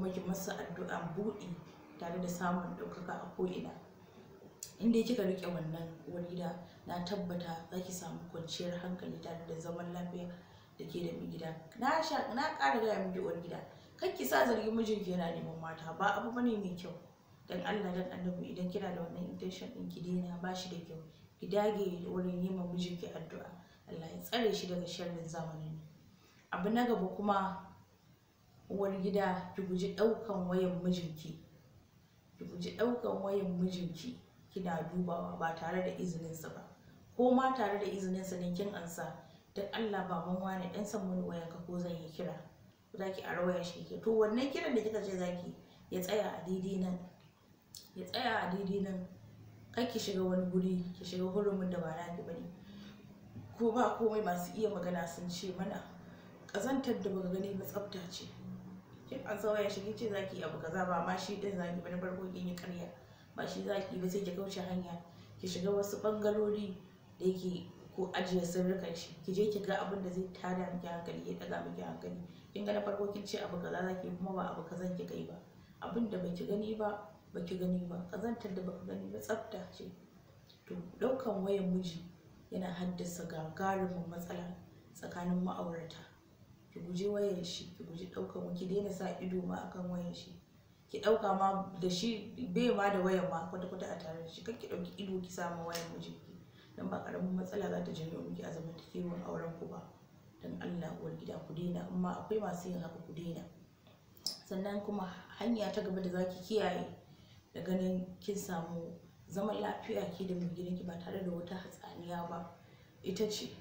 kuma ki masa addu'an buɗe tare da samun ɗaukaka a ko'ina inda kika riƙe wannan wuri da na tabbata za ki samu kwanciyar hankali tare da zaman lafiya da ke da gida na ƙara gaya miki uwar gida kar ki sa zargin mijinki yana neman mata ba abu bane mai kyau dan Allah dan annabi idan kina da wannan intention ɗin ki daina ba shi da kyau ki dage wurin neman ma mijinki addu'a Allah ya tsare shi daga sharrin zamanin abu na gaba kuma uwar gida ki guji ɗaukan wayan mijinki ki guji ɗaukan wayan mijinki kina dubawa ba tare da izininsa ba ko ma tare da izininsa ne kin ansa don Allah baban wani dan san mini wayanka ko zan yi kira za ki a rawaya shi ke to wannan kiran da kika ce za ya tsaya a daidai nan ya tsaya a daidai nan kai ki shiga wani guri ki shiga hurumin da ba naki bane ko ba komai masu iya magana sun ce mana kazantar da baka gani ba tsafta ce an sauya shi kin ce zaki abu kaza ba ma shi din zaki bane farko kin yi ƙarya ba shi zaki ba sai ki kauce hanya ki shiga wasu bangarori da yake ko ajiye sirrukan shi ki je ki ga abin da zai tada miki hankali ya daga miki hankali kin ga na farko kin ce abu kaza zaki kuma ba abu kaza ki kai ba abin da baki gani ba baki gani ba kazantar da baki gani ba tsafta ce to daukan wayan miji yana haddasa gagarumin matsala tsakanin ma'aurata ki guji wayan shi ki guji ɗaukan ki daina sa ido ma akan wayan shi ki ɗauka ma da shi bai ma da wayan ma kwata-kwata a tare da shi kar ki ɗauki ido ki sa ma mijin ki dan ba karamin matsala za ta janyo miki a zamantakewan auren ku ba dan Allah uwar gida ku daina amma akwai masu yin haka ku daina sannan kuma hanya ta gaba da zaki kiyaye da ganin kin samu zaman lafiya ke da mai gidanki ba tare da wata hatsaniya ba ita ce